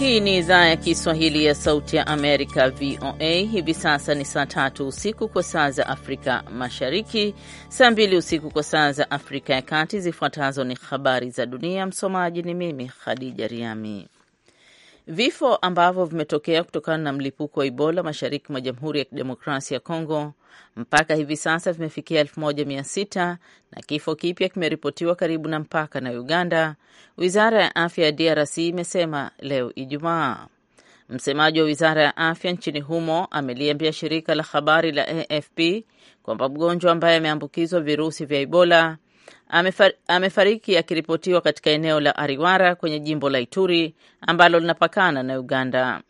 Hii ni idhaa ya Kiswahili ya Sauti ya Amerika, VOA. Hivi sasa ni saa tatu usiku kwa saa za Afrika Mashariki, saa mbili usiku kwa saa za Afrika ya Kati. Zifuatazo ni habari za dunia, msomaji ni mimi Khadija Riami. Vifo ambavyo vimetokea kutokana na mlipuko wa Ebola mashariki mwa Jamhuri ya Kidemokrasia ya Kongo mpaka hivi sasa vimefikia 16 na kifo kipya kimeripotiwa karibu na mpaka na Uganda, wizara ya afya ya DRC imesema leo Ijumaa. Msemaji wa wizara ya afya nchini humo ameliambia shirika la habari la AFP kwamba mgonjwa ambaye ameambukizwa virusi vya Ebola amefariki akiripotiwa katika eneo la Ariwara kwenye jimbo la Ituri ambalo linapakana na Uganda.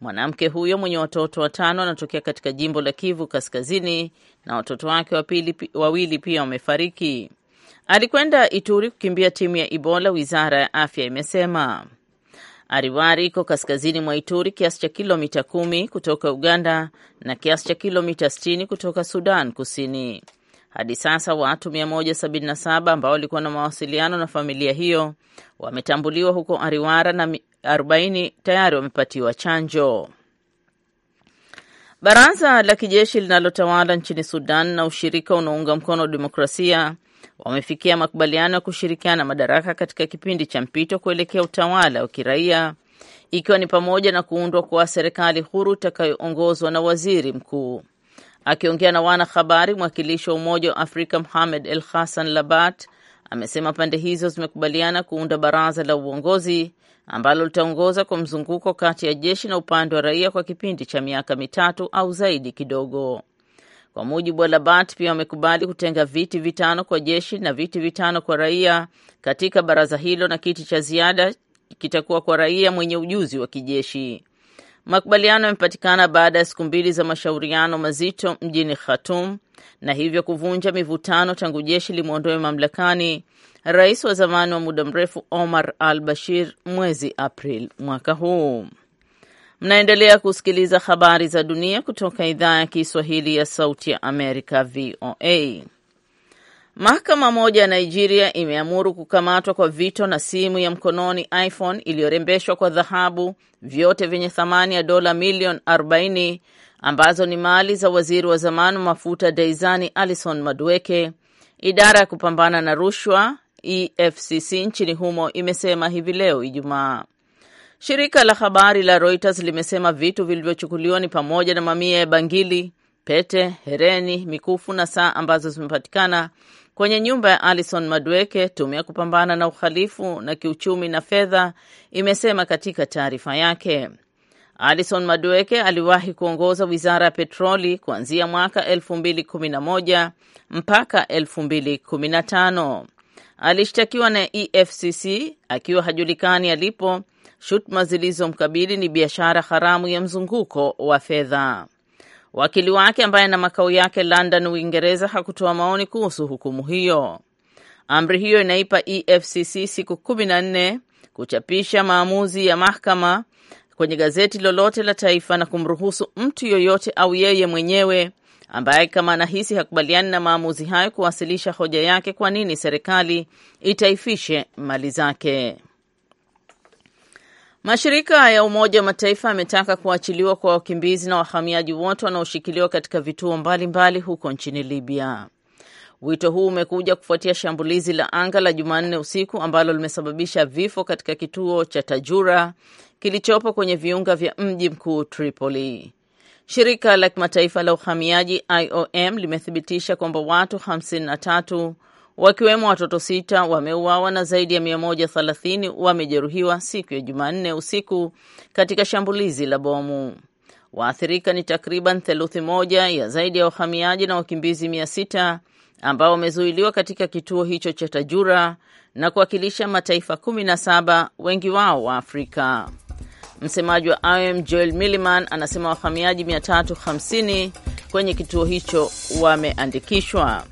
Mwanamke huyo mwenye watoto watano anatokea katika jimbo la Kivu Kaskazini na watoto wake wapili, wawili pia wamefariki. Alikwenda Ituri kukimbia timu ya Ebola, wizara ya afya imesema. Ariwari iko kaskazini mwa Ituri, kiasi cha kilomita kumi kutoka Uganda na kiasi cha kilomita sitini kutoka Sudan Kusini. Hadi sasa watu 177 ambao walikuwa na mawasiliano na familia hiyo wametambuliwa huko Ariwara na 40 tayari wamepatiwa chanjo. Baraza la kijeshi linalotawala nchini Sudan na ushirika unaounga mkono demokrasia wamefikia makubaliano ya kushirikiana madaraka katika kipindi cha mpito kuelekea utawala wa kiraia ikiwa ni pamoja na kuundwa kwa serikali huru itakayoongozwa na waziri mkuu. Akiongea na wanahabari, mwakilishi wa Umoja wa Afrika Mohamed El Hassan Labat amesema pande hizo zimekubaliana kuunda baraza la uongozi ambalo litaongoza kwa mzunguko kati ya jeshi na upande wa raia kwa kipindi cha miaka mitatu au zaidi kidogo. Kwa mujibu wa Labat, pia wamekubali kutenga viti vitano kwa jeshi na viti vitano kwa raia katika baraza hilo, na kiti cha ziada kitakuwa kwa raia mwenye ujuzi wa kijeshi. Makubaliano yamepatikana baada ya siku mbili za mashauriano mazito mjini Khartoum na hivyo kuvunja mivutano tangu jeshi limwondoe mamlakani rais wa zamani wa muda mrefu Omar al-Bashir mwezi April mwaka huu. Mnaendelea kusikiliza habari za dunia kutoka idhaa ya Kiswahili ya Sauti ya Amerika, VOA. Mahakama moja ya Nigeria imeamuru kukamatwa kwa Vito na simu ya mkononi iPhone iliyorembeshwa kwa dhahabu, vyote vyenye thamani ya dola milioni 40 ambazo ni mali za waziri wa zamani wa mafuta Daizani Alison Madueke. Idara ya kupambana na rushwa EFCC nchini humo imesema hivi leo Ijumaa. Shirika la habari la Reuters limesema vitu vilivyochukuliwa ni pamoja na mamia ya bangili, pete, hereni, mikufu na saa ambazo zimepatikana Kwenye nyumba ya Alison Madweke, tume ya kupambana na uhalifu na kiuchumi na fedha imesema katika taarifa yake. Alison Madweke aliwahi kuongoza wizara ya petroli kuanzia mwaka 2011 mpaka 2015. Alishtakiwa na EFCC akiwa hajulikani alipo. Shutuma zilizomkabili ni biashara haramu ya mzunguko wa fedha. Wakili wake ambaye ana makao yake London, Uingereza, hakutoa maoni kuhusu hukumu hiyo. Amri hiyo inaipa EFCC siku kumi na nne kuchapisha maamuzi ya mahakama kwenye gazeti lolote la taifa na kumruhusu mtu yoyote au yeye mwenyewe ambaye kama anahisi hakubaliani na maamuzi hayo kuwasilisha hoja yake kwa nini serikali itaifishe mali zake. Mashirika ya Umoja wa Mataifa yametaka kuachiliwa kwa wakimbizi na wahamiaji wote wanaoshikiliwa katika vituo mbalimbali mbali huko nchini Libya. Wito huu umekuja kufuatia shambulizi la anga la Jumanne usiku ambalo limesababisha vifo katika kituo cha Tajura kilichopo kwenye viunga vya mji mkuu Tripoli. Shirika la kimataifa la uhamiaji IOM limethibitisha kwamba watu 53 wakiwemo watoto sita wameuawa na zaidi ya 130 wamejeruhiwa siku ya Jumanne usiku katika shambulizi la bomu. Waathirika ni takriban theluthi moja ya zaidi ya wahamiaji na wakimbizi mia sita ambao wamezuiliwa katika kituo hicho cha Tajura na kuwakilisha mataifa 17, wengi wao wa Afrika. Msemaji wa IOM Joel Milliman anasema wahamiaji 350 kwenye kituo hicho wameandikishwa.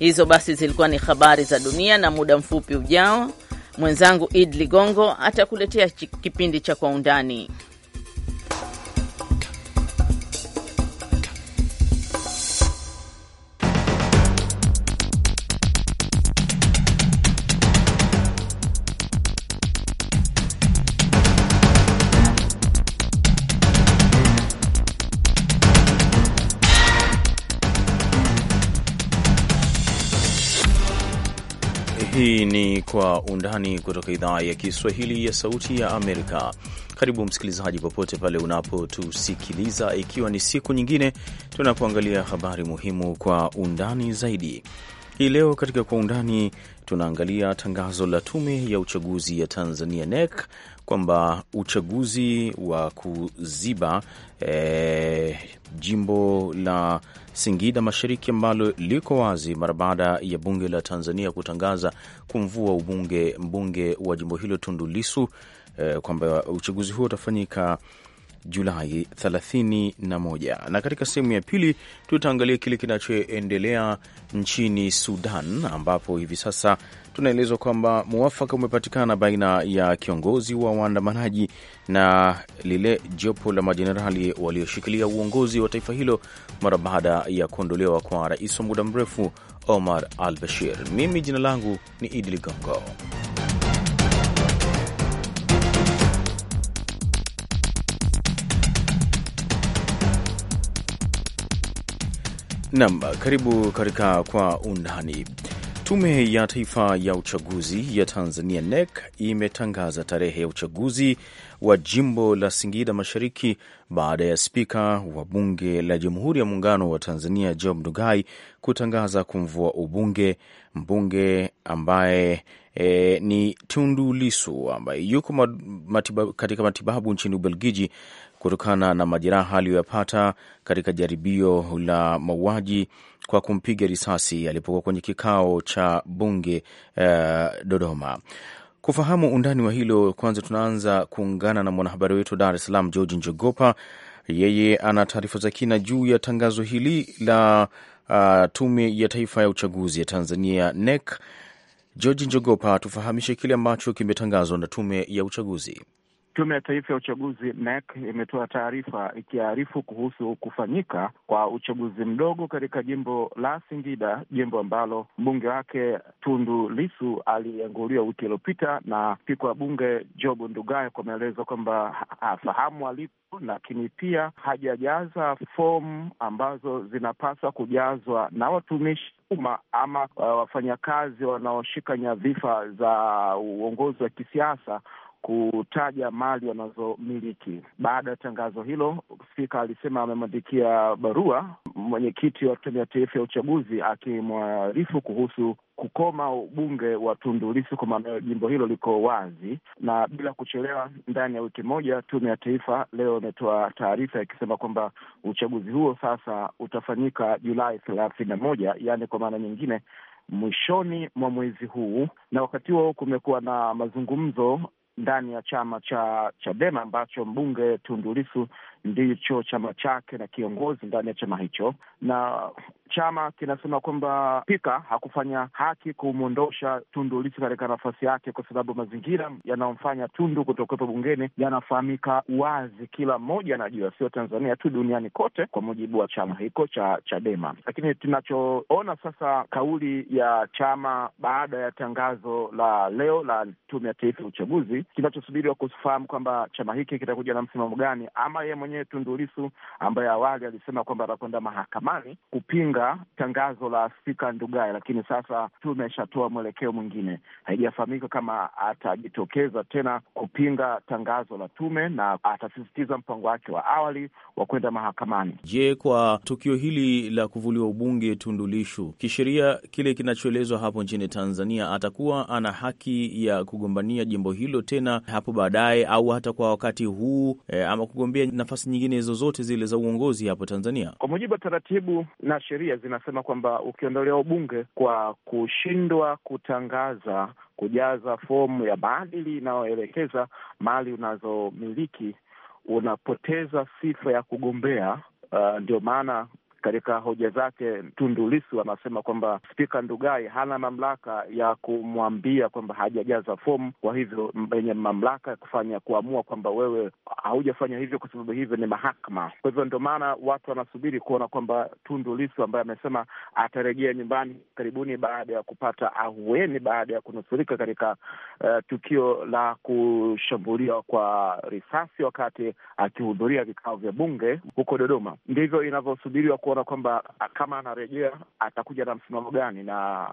Hizo basi zilikuwa ni habari za dunia, na muda mfupi ujao mwenzangu Id Ligongo atakuletea kipindi cha kwa undani. Kwa Undani kutoka idhaa ya Kiswahili ya Sauti ya Amerika. Karibu msikilizaji, popote pale unapotusikiliza, ikiwa ni siku nyingine tunapoangalia habari muhimu kwa undani zaidi. Hii leo katika Kwa Undani tunaangalia tangazo la tume ya uchaguzi ya Tanzania NEC kwamba uchaguzi wa kuziba e, jimbo la Singida Mashariki ambalo liko wazi mara baada ya bunge la Tanzania kutangaza kumvua ubunge mbunge wa jimbo hilo Tundu Lissu e, kwamba uchaguzi huo utafanyika Julai 31. Na katika sehemu ya pili tutaangalia kile kinachoendelea nchini Sudan, ambapo hivi sasa tunaelezwa kwamba mwafaka umepatikana baina ya kiongozi wa waandamanaji na lile jopo la majenerali walioshikilia uongozi wa taifa hilo mara baada ya kuondolewa kwa rais wa muda mrefu Omar al Bashir. Mimi jina langu ni Idi Ligongo. nam karibu katika Kwa Undani. Tume ya Taifa ya Uchaguzi ya Tanzania, NEC, imetangaza tarehe ya uchaguzi wa jimbo la Singida Mashariki baada ya spika wa Bunge la Jamhuri ya Muungano wa Tanzania, Job Ndugai, kutangaza kumvua ubunge mbunge ambaye e, ni Tundu Lisu ambaye yuko matiba, katika matibabu nchini Ubelgiji kutokana na majeraha aliyoyapata katika jaribio la mauaji kwa kumpiga risasi alipokuwa kwenye kikao cha bunge eh, Dodoma. Kufahamu undani wa hilo, kwanza tunaanza kuungana na mwanahabari wetu Dar es Salaam, George Njogopa. Yeye ana taarifa za kina juu ya tangazo hili la uh, Tume ya Taifa ya Uchaguzi ya Tanzania, NEC. George Njogopa, tufahamishe kile ambacho kimetangazwa na Tume ya Uchaguzi. Tume ya Taifa ya Uchaguzi NEC imetoa taarifa ikiarifu kuhusu kufanyika kwa uchaguzi mdogo katika jimbo la Singida, jimbo ambalo mbunge wake Tundu Lisu alianguliwa wiki iliyopita na spika wa bunge jobu Ndugai, kwa maelezo kwamba hafahamu alipo, lakini pia hajajaza fomu ambazo zinapaswa kujazwa na watumishi umma ama uh, wafanyakazi wanaoshika nyadhifa za uongozi wa kisiasa kutaja mali wanazomiliki. Baada ya tangazo hilo, spika alisema amemwandikia barua mwenyekiti wa Tume ya Taifa ya Uchaguzi akimwarifu kuhusu kukoma ubunge wa Tundu Lissu kwa maana jimbo hilo liko wazi. Na bila kuchelewa, ndani ya wiki moja, Tume ya Taifa leo imetoa taarifa ikisema kwamba uchaguzi huo sasa utafanyika Julai thelathini na moja, yaani kwa maana nyingine mwishoni mwa mwezi huu. Na wakati huo kumekuwa na mazungumzo ndani ya chama cha Chadema ambacho mbunge tundulisu ndicho chama chake na kiongozi ndani ya chama hicho, na chama kinasema kwamba Spika hakufanya haki kumwondosha Tundu Lissu katika nafasi yake, kwa sababu mazingira yanayomfanya Tundu kutokuwepo bungeni yanafahamika wazi, kila mmoja anajua, sio Tanzania tu, duniani kote, kwa mujibu wa chama hiko cha Chadema. Lakini tunachoona sasa, kauli ya chama baada ya tangazo la leo la Tume ya Taifa ya Uchaguzi, kinachosubiriwa kufahamu kwamba chama hiki kitakuja na msimamo gani, ama yeye mwenyewe mwenyewe Tundu Lissu ambaye awali alisema kwamba atakwenda mahakamani kupinga tangazo la Spika Ndugai, lakini sasa tume ishatoa mwelekeo mwingine. Haijafahamika kama atajitokeza tena kupinga tangazo la tume na atasisitiza mpango wake wa awali wa kwenda mahakamani. Je, kwa tukio hili la kuvuliwa ubunge Tundu Lissu, kisheria kile kinachoelezwa hapo nchini Tanzania, atakuwa ana haki ya kugombania jimbo hilo tena hapo baadaye, au hata kwa wakati huu eh, ama kugombea nafasi nafasi nyingine zozote zile za uongozi hapo Tanzania? Kwa mujibu wa taratibu na sheria zinasema kwamba ukiondolea ubunge kwa kushindwa kutangaza, kujaza fomu ya maadili inayoelekeza mali unazomiliki unapoteza sifa ya kugombea. Uh, ndio maana katika hoja zake, Tundu Lissu anasema kwamba Spika Ndugai hana mamlaka ya kumwambia kwamba hajajaza fomu, kwa hivyo wenye mamlaka ya kufanya kuamua kwamba wewe haujafanya hivyo, kwa sababu hivyo ni mahakama. Kwa hivyo ndio maana watu wanasubiri kuona kwamba Tundu Lissu ambaye amesema atarejea nyumbani karibuni baada ya kupata ahueni baada ya kunusurika katika uh, tukio la kushambuliwa kwa risasi wakati akihudhuria vikao vya bunge huko Dodoma, ndivyo inavyosubiriwa kuona kwamba kama anarejea atakuja na msimamo gani, na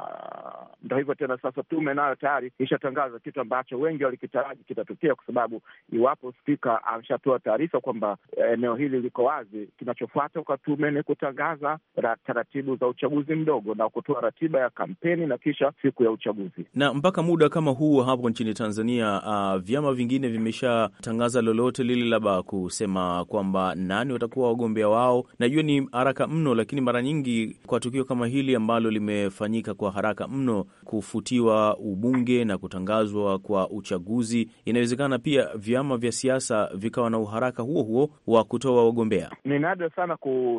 ndo hivyo tena. Sasa tume nayo tayari ishatangaza kitu ambacho wengi walikitaraji kitatokea, kwa sababu iwapo spika ameshatoa taarifa kwamba eneo hili liko wazi, kinachofuata kwa tume ni kutangaza taratibu za uchaguzi mdogo na kutoa ratiba ya kampeni na kisha siku ya uchaguzi. Na mpaka muda kama huu hapo nchini Tanzania, uh, vyama vingine vimeshatangaza lolote lile, labda kusema kwamba nani watakuwa wagombea wao. Najua ni haraka haraka mno, lakini mara nyingi kwa tukio kama hili ambalo limefanyika kwa haraka mno, kufutiwa ubunge na kutangazwa kwa uchaguzi, inawezekana pia vyama vya siasa vikawa na uharaka huo huo wa kutoa wagombea. Ni nadra sana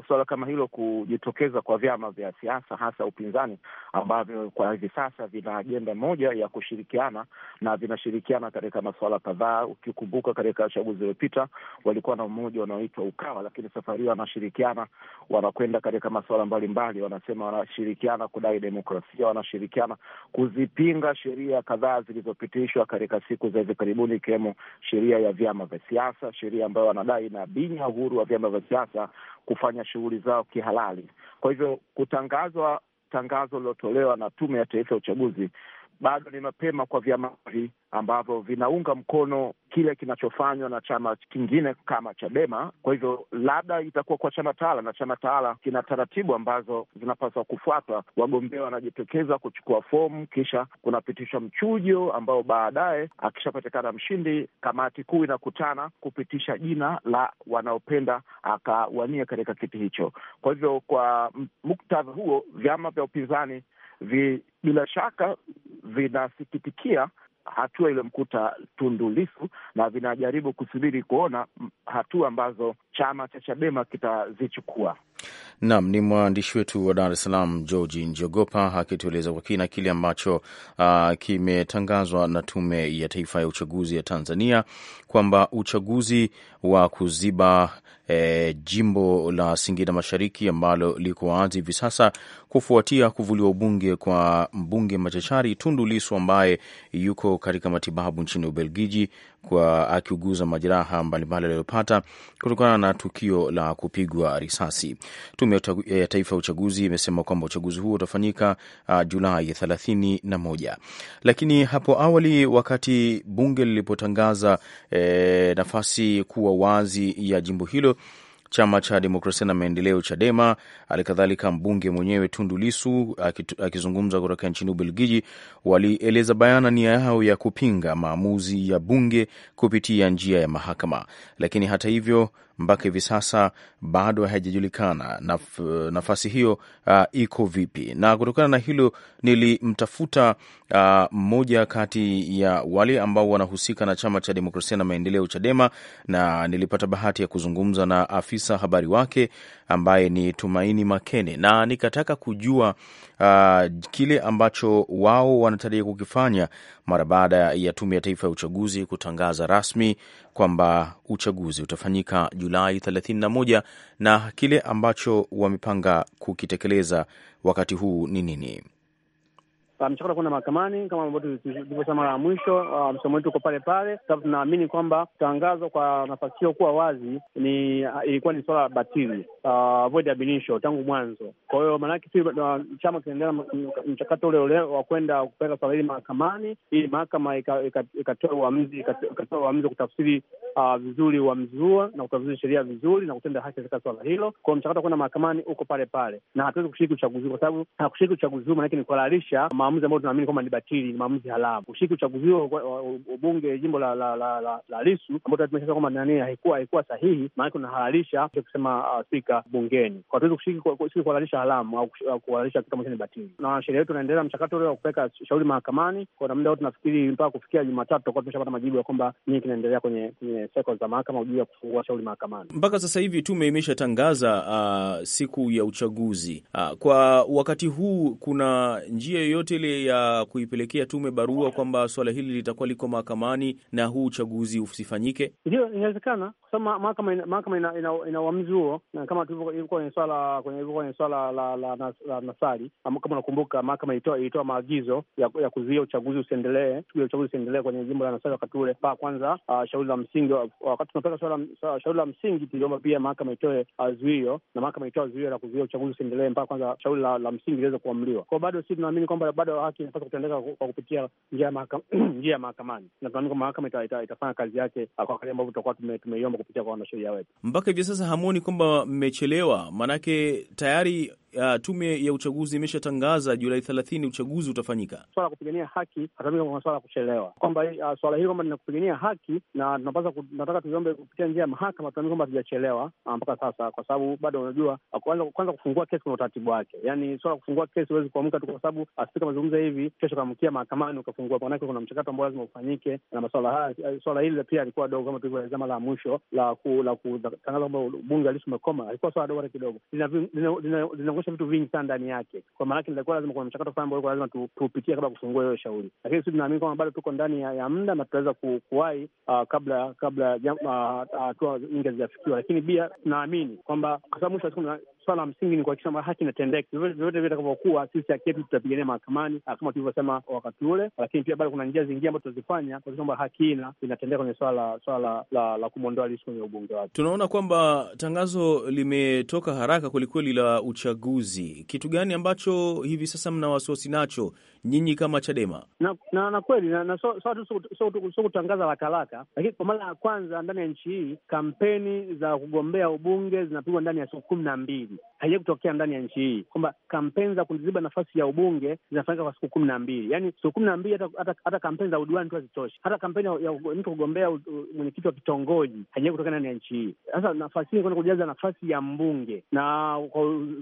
suala kama hilo kujitokeza kwa vyama vya siasa, hasa upinzani, ambavyo kwa hivi sasa vina ajenda moja ya kushirikiana na vinashirikiana katika masuala kadhaa. Ukikumbuka katika uchaguzi uliopita walikuwa na umoja unaoitwa Ukawa, lakini safari hiyo wanashirikiana wana kwenda katika masuala mbalimbali, wanasema wanashirikiana kudai demokrasia, wanashirikiana kuzipinga sheria kadhaa zilizopitishwa katika siku za hivi karibuni, ikiwemo sheria ya vyama vya siasa, sheria ambayo wanadai inabinya uhuru wa vyama vya siasa kufanya shughuli zao kihalali. Kwa hivyo kutangazwa tangazo lililotolewa na Tume ya Taifa ya Uchaguzi bado ni mapema kwa vyama hivi ambavyo vinaunga mkono kile kinachofanywa na chama kingine kama Chadema. Kwa hivyo labda itakuwa kwa chama tawala, na chama tawala kina taratibu ambazo zinapaswa kufuatwa. Wagombea wanajitokeza kuchukua fomu, kisha kunapitishwa mchujo ambao baadaye akishapatikana mshindi, kamati kuu inakutana kupitisha jina la wanaopenda akawania katika kiti hicho. Kwa hivyo, kwa muktadha huo, vyama vya upinzani vi, bila shaka vinasikitikia hatua iliyomkuta Tundu na vinajaribu kusubiri kuona hatua ambazo chama cha Chadema kitazichukua. Nam ni mwandishi wetu wa Dar es Salaam, Georgi Njogopa, akitueleza kwa kina kile ambacho uh, kimetangazwa na Tume ya Taifa ya Uchaguzi ya Tanzania kwamba uchaguzi wa kuziba E, jimbo la Singida Mashariki ambalo liko wazi hivi sasa kufuatia kuvuliwa ubunge kwa mbunge machachari Tundu Lisu ambaye yuko katika matibabu nchini Ubelgiji kwa akiuguza majeraha mbalimbali aliyopata kutokana na tukio la kupigwa risasi. Tume ya eh, Taifa ya Uchaguzi imesema kwamba uchaguzi huo utafanyika ah, Julai thelathini na moja, lakini hapo awali wakati bunge lilipotangaza e, nafasi kuwa wazi ya jimbo hilo chama cha demokrasia na maendeleo Chadema, halikadhalika mbunge mwenyewe Tundu Lisu akizungumza kutoka nchini Ubelgiji, walieleza bayana nia yao ya kupinga maamuzi ya bunge kupitia njia ya mahakama. Lakini hata hivyo mpaka hivi sasa bado haijajulikana naf, nafasi hiyo uh, iko vipi. Na kutokana na hilo nilimtafuta uh, mmoja uh, kati ya wale ambao wanahusika na chama cha demokrasia na maendeleo Chadema, na nilipata bahati ya kuzungumza na afisa habari wake ambaye ni Tumaini Makene, na nikataka kujua uh, kile ambacho wao wanatarajia kukifanya mara baada ya Tume ya Taifa ya Uchaguzi kutangaza rasmi kwamba uchaguzi utafanyika Julai 31 na kile ambacho wamepanga kukitekeleza wakati huu ni nini? mchakato kwenda mahakamani kama ambavyo tulivyosema mara ya mwisho. Uh, msomo wetu uko pale pale, sababu tunaamini kwamba tangazo kwa nafasi hiyo kuwa wazi ni uh, ilikuwa ni swala la batili, uh, void tangu mwanzo. Kwa hiyo maanake si chama kinaendelea mchakato ule ule wa kwenda kupeleka swala hili mahakamani ili mahakama ikatoa uamuzi ikatoa uamuzi kutafsiri vizuri uamuzi huo na kutafsiri sheria vizuri na kutenda haki katika swala hilo. Kwa hiyo mchakato wa kwenda mahakamani uko pale pale, na hatuwezi kushiriki uchaguzi kwa sababu hakushiriki uchaguzi huu maanake ni kuhalalisha maamuzi ambayo tunaamini kwamba ni batili, ni maamuzi haramu. Kushiriki uchaguzi huo ubunge jimbo la la la la, la Lisu ambao tumeshaza kwamba nani haikuwa haikuwa sahihi, maanake unahalalisha kusema uh, spika bungeni kwa tuwezi kushiriki si kuhalalisha haramu au kuhalalisha kitu ambacho ni batili, na wanasheria wetu wanaendelea mchakato ule wa kupeleka shauri mahakamani kwa muda wote. tunafikiri mpaka kufikia Jumatatu tutakuwa tumeshapata majibu ya kwamba nini kinaendelea kwenye kwenye za mahakama juu ya kufungua shauri mahakamani. Mpaka sasa hivi tume imeshatangaza uh, siku ya uchaguzi uh, kwa wakati huu kuna njia yoyote ile ya kuipelekea tume barua kwamba swala hili litakuwa liko mahakamani na huu uchaguzi usifanyike? Ndio, inawezekana kwa sababu mahakama ina ina, ina, ina uamuzi huo, na kama tulivyokuwa kwenye swala kwenye swala la la Nasari, kama unakumbuka, mahakama ilitoa maagizo ya, ya kuzuia uchaguzi usiendelee, shughuli ya uchaguzi usiendelee kwenye jimbo la Nasari wakati ule paa kwanza uh, shauri la msingi. Wakati tunapeleka shauri la msingi, tuliomba pia mahakama itoe zuio, na mahakama itoa zuio la kuzuia uchaguzi usiendelee mpaka kwanza shauri la msingi liweze kuamliwa. Kwao bado si tunaamini kwamba bado haki inapaswa kutendeka kwa kupitia njia ya mahakamani, na tunaamini kwa mahakama itafanya kazi yake kwa kali ambavyo tutakuwa tumeiomba kupitia kwa wanasheria wetu. Mpaka hivi sasa hamuoni kwamba mmechelewa? Maanake tayari Uh, tume ya uchaguzi imeshatangaza Julai thelathini uchaguzi utafanyika. Swala la kupigania haki atamika kwa swala la kuchelewa, kwamba uh, swala hili kwamba lina kupigania haki na tunapaswa tunataka tuombe kupitia njia ya mahakama, tunaamini kwamba hatujachelewa ah, mpaka sasa, kwa sababu bado unajua, ah, kwanza kwanza kufungua kesi kuna utaratibu wake. Yani swala la kufungua kesi huwezi kuamka tu, kwa sababu spika amezungumza hivi, kesho kamkia mahakamani ukafungua, manake kuna mchakato ambao lazima ufanyike, na maswala haya eh, swala hili pia alikuwa dogo, kama tulivyoelezama la mwisho la kutangaza kwamba bunge halisi umekoma, alikuwa swala dogo hata kidogo lina kuonyesha vitu vingi sana ndani yake, kwa yake nilikuwa lazima kuna mchakato fulani ambao lazima tupitie kabla kufungua hiyo shauri, lakini sisi tunaamini kwamba bado tuko ndani ya, ya muda na tutaweza ku, kuwahi uh, kabla kabla ah, ah, hatua uh, uh, nyingi hazijafikiwa, lakini pia tunaamini kwamba kwa sababu mwisho wa siku swala la msingi ni kuhakikisha kwamba haki inatendeka vyovyote vile itakavyokuwa. Sisi haki yetu tutapigania mahakamani ah, kama tulivyosema wakati ule, lakini pia bado kuna njia zingine ambazo tunazifanya kuhakikisha kwamba haki ina inatendeka kwenye swala swala la, la kumwondoa Lissu kwenye ubunge wake. Tunaona kwamba tangazo limetoka haraka kwelikweli la uchaguzi. Kitu gani ambacho hivi sasa mna wasiwasi nacho nyinyi kama Chadema? Na na, na kweli na, na so, so, so, so, so kutangaza haraka lakini kwa mara ya kwanza ndani ya nchi hii kampeni za kugombea ubunge zinapigwa ndani ya siku kumi na mbili hivi, kutokea ndani ya nchi hii kwamba kampeni za kuziba nafasi ya ubunge zinafanyika kwa siku kumi na mbili yani siku kumi na mbili hata kampeni za udiwani tu hazitoshi, hata kampeni ya mtu kugombea mwenyekiti wa kitongoji haijai kutokea ndani ya nchi hii. Sasa nafasi hii kwenda kujaza nafasi ya mbunge, na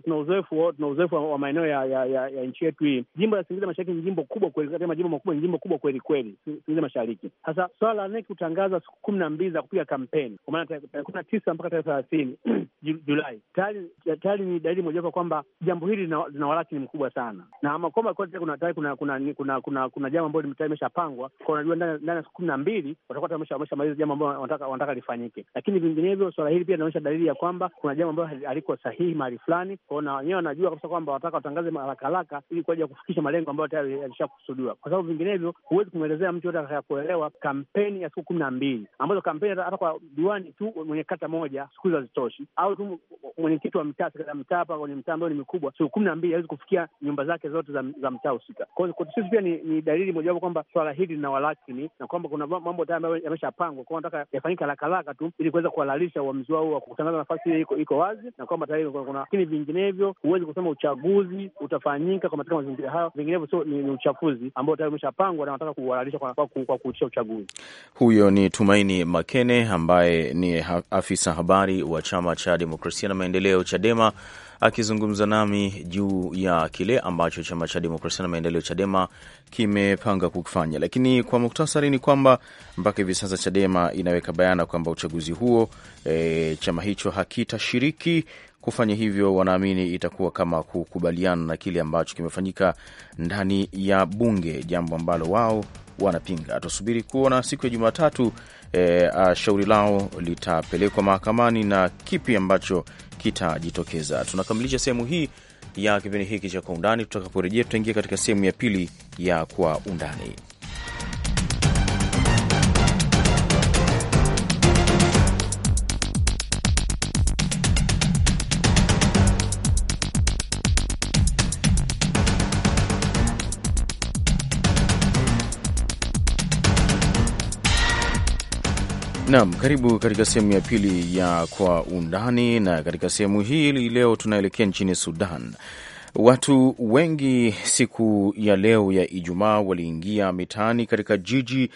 tuna uzoefu tuna uzoefu wa maeneo ya, ya, ya, ya nchi yetu hii. Jimbo la singiza Mashariki ni jimbo kubwa kweli, katika majimbo makubwa ni jimbo kubwa kweli kweli, singiza Mashariki. Sasa swala la NEC kutangaza siku kumi na mbili za kupiga kampeni, kwa maana tarehe kumi na tisa mpaka tarehe thelathini Julai tayari tayari ni dalili mojawapo kwamba jambo hili lina walati ni mkubwa sana, na kwamba kuna tayari kuna kuna kuna kuna jambo ambayo tayari imeshapangwa kwa, unajua ndani ya siku kumi na mbili watakuwa wameshamaliza jambo ambayo wanataka wanataka lifanyike, lakini vinginevyo swala hili pia linaonyesha dalili ya kwamba kuna jambo ambayo haliko sahihi mahali fulani kwao, na wenyewe wanajua kabisa kwamba wanataka watangaze haraka haraka ili kwa ajili ya kufikisha malengo ambayo tayari yalishakusudiwa, kwa sababu vinginevyo huwezi kumwelezea mtu yote kuelewa kampeni ya siku kumi na mbili ambazo kampeni hata kwa diwani tu mwenye kata moja siku hizo hazitoshi, au tu mwenyekiti wa mtaa katika mtaa kwenye mtaa ambayo ni mikubwa, siku kumi na mbili hawezi kufikia nyumba zake zote za, za mtaa husika. Kwa hiyo kwetu sisi pia ni, ni dalili mojawapo kwamba swala hili walakini na kwamba kuna mambo tayari ambayo yameshapangwa, kwao, nataka yafanyike haraka haraka tu ili kuweza kuhalalisha uamuzi wao wa kutangaza nafasi hiyo iko, iko wazi na kwamba tayari kuna, lakini vinginevyo huwezi kusema uchaguzi utafanyika kwa katika mazingira hayo, vinginevyo sio ni, ni uchafuzi ambao tayari umeshapangwa na wanataka kuhalalisha kwa, kwa, kwa kuitisha uchaguzi. Huyo ni Tumaini Makene ambaye ni afisa habari wa chama cha demokrasia na maendeleo CHADEMA Chadema akizungumza nami juu ya kile ambacho chama cha demokrasia na maendeleo Chadema kimepanga kukifanya. Lakini kwa muktasari ni kwamba mpaka hivi sasa Chadema inaweka bayana kwamba uchaguzi huo e, chama hicho hakitashiriki. Kufanya hivyo, wanaamini itakuwa kama kukubaliana na kile ambacho kimefanyika ndani ya bunge, jambo ambalo wao wanapinga. Tusubiri kuona siku ya Jumatatu e, shauri lao litapelekwa mahakamani na kipi ambacho kitajitokeza. Tunakamilisha sehemu hii ya kipindi hiki cha Kwa Undani. Tutakaporejea, tutaingia katika sehemu ya pili ya Kwa Undani. Naam, karibu katika sehemu ya pili ya Kwa Undani, na katika sehemu hii leo tunaelekea nchini Sudan. Watu wengi siku ya leo ya Ijumaa waliingia mitaani katika jiji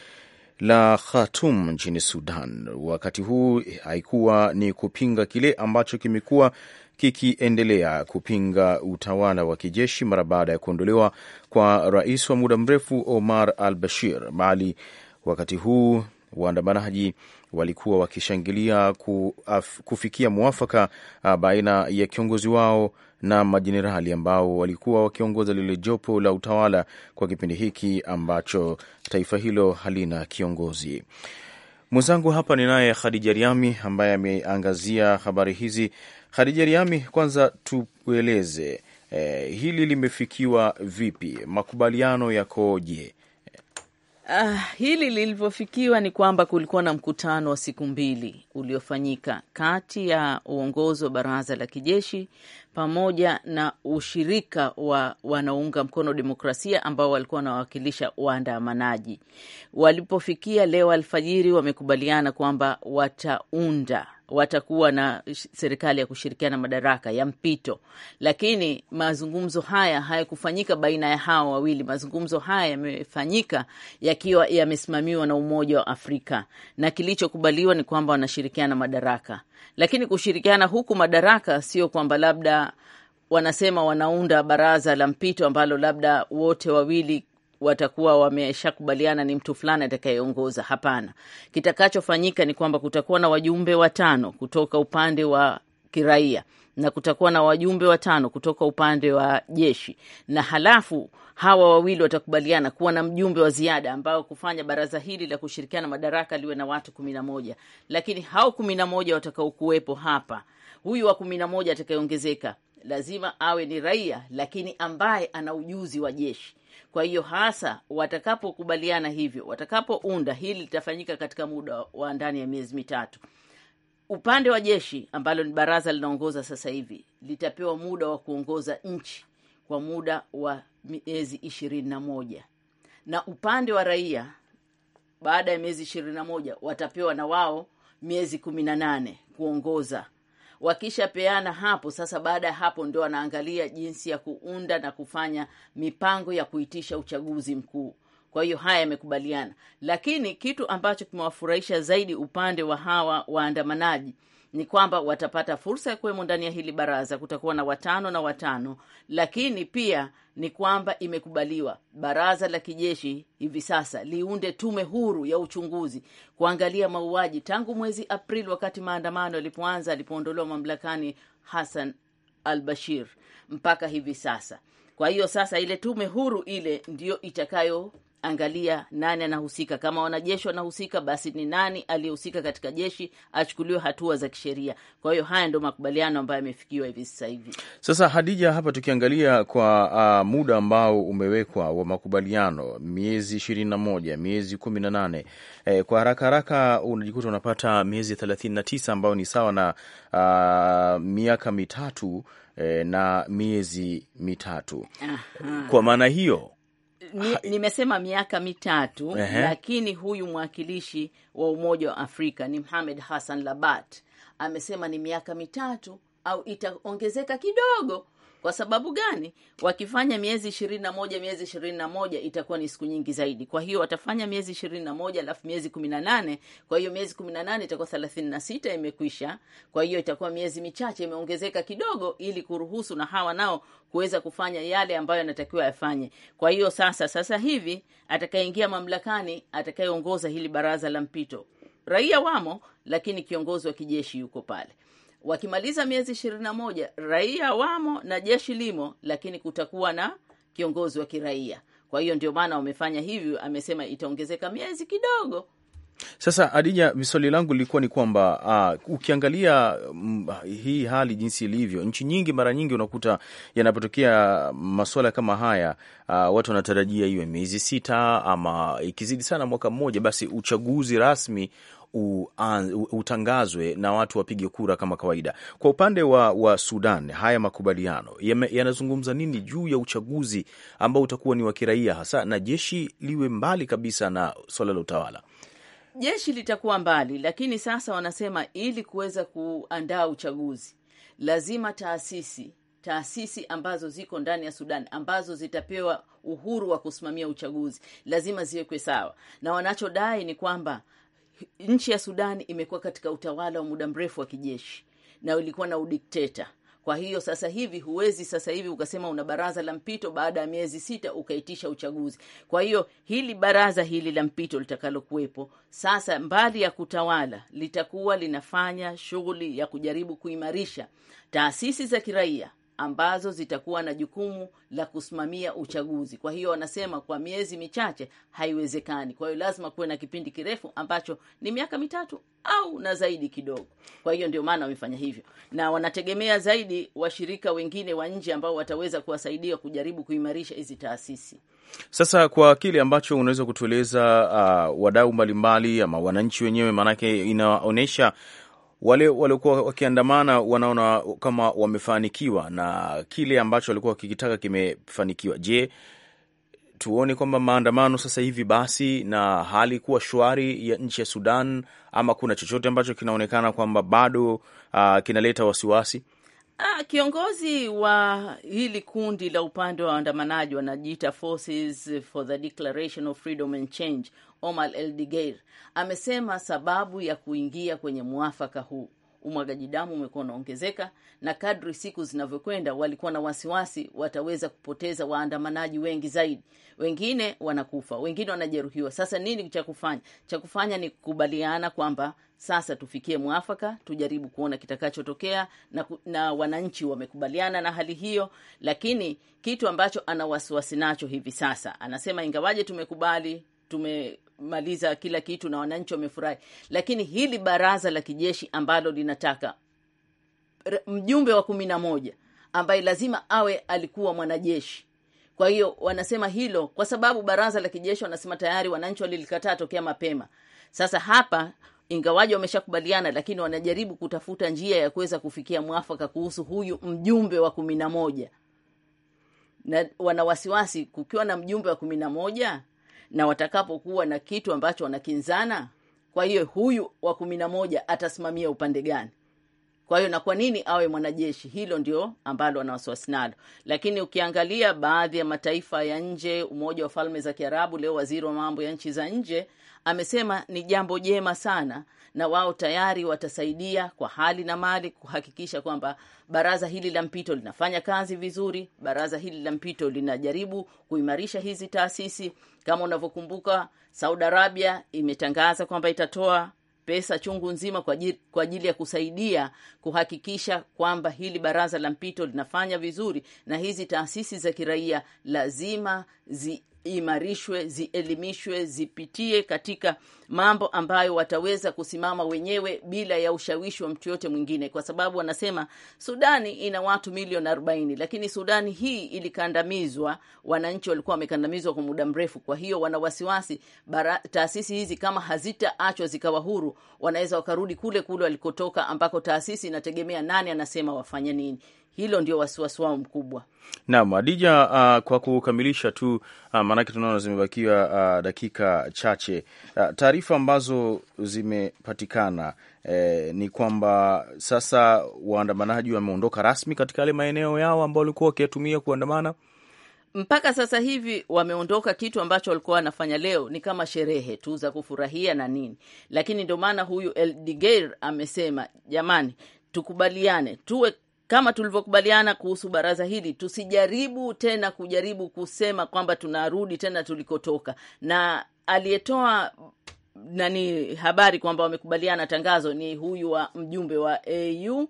la Khartoum nchini Sudan. Wakati huu haikuwa ni kupinga kile ambacho kimekuwa kikiendelea kupinga utawala wa kijeshi mara baada ya kuondolewa kwa rais wa muda mrefu Omar al Bashir, bali wakati huu waandamanaji walikuwa wakishangilia kufikia mwafaka ah, baina ya kiongozi wao na majenerali ambao walikuwa wakiongoza lile jopo la utawala kwa kipindi hiki ambacho taifa hilo halina kiongozi. Mwenzangu hapa ni naye Khadija Riami ambaye ameangazia habari hizi. Khadija Riami, kwanza tueleze eh, hili limefikiwa vipi? Makubaliano yakoje? Uh, hili lilivyofikiwa ni kwamba kulikuwa na mkutano wa siku mbili uliofanyika kati ya uongozi wa baraza la kijeshi pamoja na ushirika wa wanaounga mkono demokrasia ambao walikuwa wanawakilisha waandamanaji. Walipofikia leo alfajiri, wamekubaliana kwamba wataunda watakuwa na serikali ya kushirikiana madaraka ya mpito, lakini mazungumzo haya hayakufanyika baina ya hawa wawili. Mazungumzo haya yamefanyika yakiwa yamesimamiwa na Umoja wa Afrika, na kilichokubaliwa ni kwamba wanashirikiana madaraka, lakini kushirikiana huku madaraka sio kwamba labda wanasema wanaunda baraza la mpito ambalo labda wote wawili watakuwa wameshakubaliana ni mtu fulani atakayeongoza. Hapana, kitakachofanyika ni kwamba kutakuwa na wajumbe watano kutoka upande wa kiraia na kutakuwa na wajumbe watano kutoka upande wa jeshi, na halafu hawa wawili watakubaliana kuwa na mjumbe wa ziada ambao kufanya baraza hili la kushirikiana madaraka liwe na watu kumi na moja, lakini hao kumi na moja watakaokuwepo hapa huyu wa kumi na moja atakayeongezeka lazima awe ni raia, lakini ambaye ana ujuzi wa jeshi. Kwa hiyo hasa watakapokubaliana hivyo, watakapounda hili, litafanyika katika muda wa ndani ya miezi mitatu. Upande wa jeshi ambalo ni baraza linaongoza sasa hivi litapewa muda wa kuongoza nchi kwa muda wa miezi ishirini na moja na upande wa raia baada ya miezi ishirini na moja watapewa na wao miezi kumi na nane kuongoza Wakishapeana hapo sasa, baada ya hapo ndio wanaangalia jinsi ya kuunda na kufanya mipango ya kuitisha uchaguzi mkuu. Kwa hiyo haya yamekubaliana, lakini kitu ambacho kimewafurahisha zaidi upande wa hawa waandamanaji ni kwamba watapata fursa ya kuwemo ndani ya hili baraza. Kutakuwa na watano na watano, lakini pia ni kwamba imekubaliwa baraza la kijeshi hivi sasa liunde tume huru ya uchunguzi kuangalia mauaji tangu mwezi Aprili, wakati maandamano yalipoanza, alipoondolewa mamlakani Hassan al-Bashir mpaka hivi sasa. Kwa hiyo sasa ile tume huru ile ndiyo itakayo angalia nani anahusika. Kama wanajeshi wanahusika, basi ni nani aliyehusika katika jeshi achukuliwe hatua za kisheria. Kwa hiyo haya ndo makubaliano ambayo yamefikiwa hivi sasa hivi. Sasa Hadija, hapa tukiangalia kwa uh, muda ambao umewekwa wa makubaliano miezi ishirini na moja miezi kumi na nane eh, kwa haraka haraka unajikuta unapata miezi thelathini na tisa ambayo ni sawa na uh, miaka mitatu eh, na miezi mitatu. Aha. Kwa maana hiyo ni, nimesema miaka mitatu Ehe. Lakini huyu mwakilishi wa Umoja wa Afrika ni Mohamed Hassan Labat amesema ni miaka mitatu au itaongezeka kidogo kwa sababu gani? Wakifanya miezi ishirini na moja miezi ishirini na moja itakuwa ni siku nyingi zaidi. Kwa hiyo watafanya miezi ishirini na moja alafu miezi kumi na nane Kwa hiyo miezi kumi na nane itakuwa thelathini na sita imekwisha. Kwa hiyo itakuwa miezi michache imeongezeka kidogo, ili kuruhusu na hawa nao kuweza kufanya yale ambayo anatakiwa yafanye. Kwa hiyo sasa, sasa hivi atakayeingia mamlakani, atakayeongoza hili baraza la mpito, raia wamo, lakini kiongozi wa kijeshi yuko pale. Wakimaliza miezi ishirini na moja, raia wamo na jeshi limo, lakini kutakuwa na kiongozi wa kiraia. Kwa hiyo ndio maana wamefanya hivyo, amesema itaongezeka miezi kidogo. Sasa Adija, swali langu lilikuwa ni kwamba uh, ukiangalia m, mm, hii hali jinsi ilivyo nchi nyingi, mara nyingi unakuta yanapotokea masuala kama haya uh, watu wanatarajia iwe miezi sita ama ikizidi sana mwaka mmoja, basi uchaguzi rasmi utangazwe na watu wapige kura kama kawaida. Kwa upande wa, wa Sudan, haya makubaliano yanazungumza nini juu ya uchaguzi ambao utakuwa ni wa kiraia hasa, na jeshi liwe mbali kabisa na swala la utawala? Jeshi litakuwa mbali, lakini sasa wanasema ili kuweza kuandaa uchaguzi lazima taasisi taasisi ambazo ziko ndani ya Sudan ambazo zitapewa uhuru wa kusimamia uchaguzi lazima ziwekwe sawa, na wanachodai ni kwamba nchi ya Sudan imekuwa katika utawala wa muda mrefu wa kijeshi na ilikuwa na udikteta. Kwa hiyo sasa hivi huwezi sasa hivi ukasema una baraza la mpito baada ya miezi sita ukaitisha uchaguzi. Kwa hiyo hili baraza hili la mpito litakalokuwepo sasa, mbali ya kutawala, litakuwa linafanya shughuli ya kujaribu kuimarisha taasisi za kiraia ambazo zitakuwa na jukumu la kusimamia uchaguzi. Kwa hiyo wanasema kwa miezi michache haiwezekani. Kwa hiyo lazima kuwe na kipindi kirefu ambacho ni miaka mitatu au na zaidi kidogo. Kwa hiyo ndio maana wamefanya hivyo, na wanategemea zaidi washirika wengine wa nje ambao wataweza kuwasaidia kujaribu kuimarisha hizi taasisi. Sasa kwa kile ambacho unaweza kutueleza, uh, wadau mbalimbali ama wananchi wenyewe, maanake inaonyesha wale waliokuwa wakiandamana wanaona kama wamefanikiwa na kile ambacho walikuwa wakikitaka kimefanikiwa. Je, tuone kwamba maandamano sasa hivi basi na hali kuwa shwari ya nchi ya Sudan, ama kuna chochote ambacho kinaonekana kwamba bado uh, kinaleta wasiwasi? Ah, kiongozi wa hili kundi la upande wa waandamanaji wanajiita Forces for the Declaration of Freedom and Change Omar El Digeir amesema sababu ya kuingia kwenye mwafaka huu umwagaji damu umekuwa unaongezeka na kadri siku zinavyokwenda, walikuwa na wasiwasi wataweza kupoteza waandamanaji wengi zaidi, wengine wanakufa, wengine wanajeruhiwa. Sasa nini cha kufanya? Cha kufanya ni kukubaliana kwamba sasa tufikie mwafaka, tujaribu kuona kitakachotokea na, na wananchi wamekubaliana na hali hiyo, lakini kitu ambacho ana wasiwasi nacho hivi sasa, anasema ingawaje tumekubali tumemaliza kila kitu na wananchi wamefurahi, lakini hili baraza la kijeshi ambalo linataka mjumbe wa kumi na moja ambaye lazima awe alikuwa mwanajeshi. Kwa hiyo wanasema hilo kwa sababu baraza la kijeshi wanasema tayari wananchi walilikataa tokea mapema. Sasa hapa ingawaji wameshakubaliana, lakini wanajaribu kutafuta njia ya kuweza kufikia mwafaka kuhusu huyu mjumbe wa kumi na moja na wana wasiwasi kukiwa na mjumbe wa kumi na moja na watakapokuwa na kitu ambacho wanakinzana, kwa hiyo huyu wa kumi na moja atasimamia upande gani? Kwa hiyo na kwa nini awe mwanajeshi? Hilo ndio ambalo wana wasiwasi nalo. Lakini ukiangalia baadhi ya mataifa ya nje, Umoja wa Falme za Kiarabu, leo waziri wa mambo ya nchi za nje amesema ni jambo jema sana na wao tayari watasaidia kwa hali na mali kuhakikisha kwamba baraza hili la mpito linafanya kazi vizuri. Baraza hili la mpito linajaribu kuimarisha hizi taasisi. Kama unavyokumbuka, Saudi Arabia imetangaza kwamba itatoa pesa chungu nzima kwa ajili ya kusaidia kuhakikisha kwamba hili baraza la mpito linafanya vizuri, na hizi taasisi za kiraia lazima zi imarishwe, zielimishwe, zipitie katika mambo ambayo wataweza kusimama wenyewe bila ya ushawishi wa mtu yote mwingine, kwa sababu wanasema Sudani ina watu milioni arobaini, lakini Sudani hii ilikandamizwa, wananchi walikuwa wamekandamizwa kwa muda mrefu. Kwa hiyo wana wasiwasi taasisi hizi kama hazitaachwa zikawa huru, wanaweza wakarudi kule kule walikotoka, ambako taasisi inategemea nani anasema wafanye nini hilo ndio wasiwasi wao mkubwa. Naam, Adija, uh, kwa kukamilisha tu uh, maanake tunaona zimebakiwa uh, dakika chache uh, taarifa ambazo zimepatikana eh, ni kwamba sasa waandamanaji wameondoka rasmi katika yale maeneo yao ambao walikuwa wakiyatumia kuandamana mpaka sasa hivi wameondoka. Kitu ambacho walikuwa wanafanya leo ni kama sherehe tu za kufurahia na nini, lakini ndio maana huyu Eldigeir amesema jamani, tukubaliane tuwe kama tulivyokubaliana kuhusu baraza hili, tusijaribu tena kujaribu kusema kwamba tunarudi tena tulikotoka. Na aliyetoa nani habari kwamba wamekubaliana tangazo ni huyu wa mjumbe wa AU,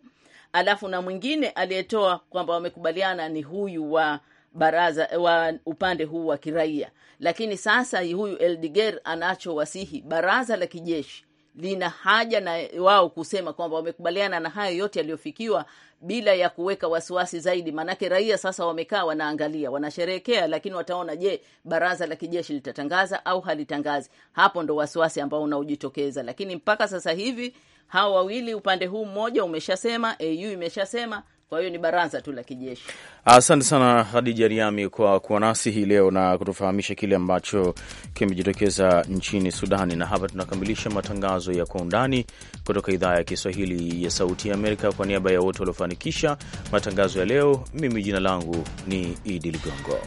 alafu na mwingine aliyetoa kwamba wamekubaliana ni huyu wa baraza wa upande huu wa kiraia. Lakini sasa huyu Eldiger anachowasihi baraza la kijeshi lina haja na wao kusema kwamba wamekubaliana na hayo yote yaliyofikiwa bila ya kuweka wasiwasi zaidi. Maanake raia sasa wamekaa wanaangalia, wanasherehekea, lakini wataona, je, baraza la kijeshi litatangaza au halitangazi? Hapo ndo wasiwasi ambao unaojitokeza. Lakini mpaka sasa hivi hawa wawili, upande huu mmoja umeshasema, AU imeshasema kwa hiyo ni baraza tu la kijeshi. Asante sana Hadija Riami kwa kuwa nasi hii leo na kutufahamisha kile ambacho kimejitokeza nchini Sudani. Na hapa tunakamilisha matangazo ya Kwa Undani kutoka idhaa ya Kiswahili ya Sauti ya Amerika. Kwa niaba ya wote waliofanikisha matangazo ya leo, mimi jina langu ni Idi Ligongo.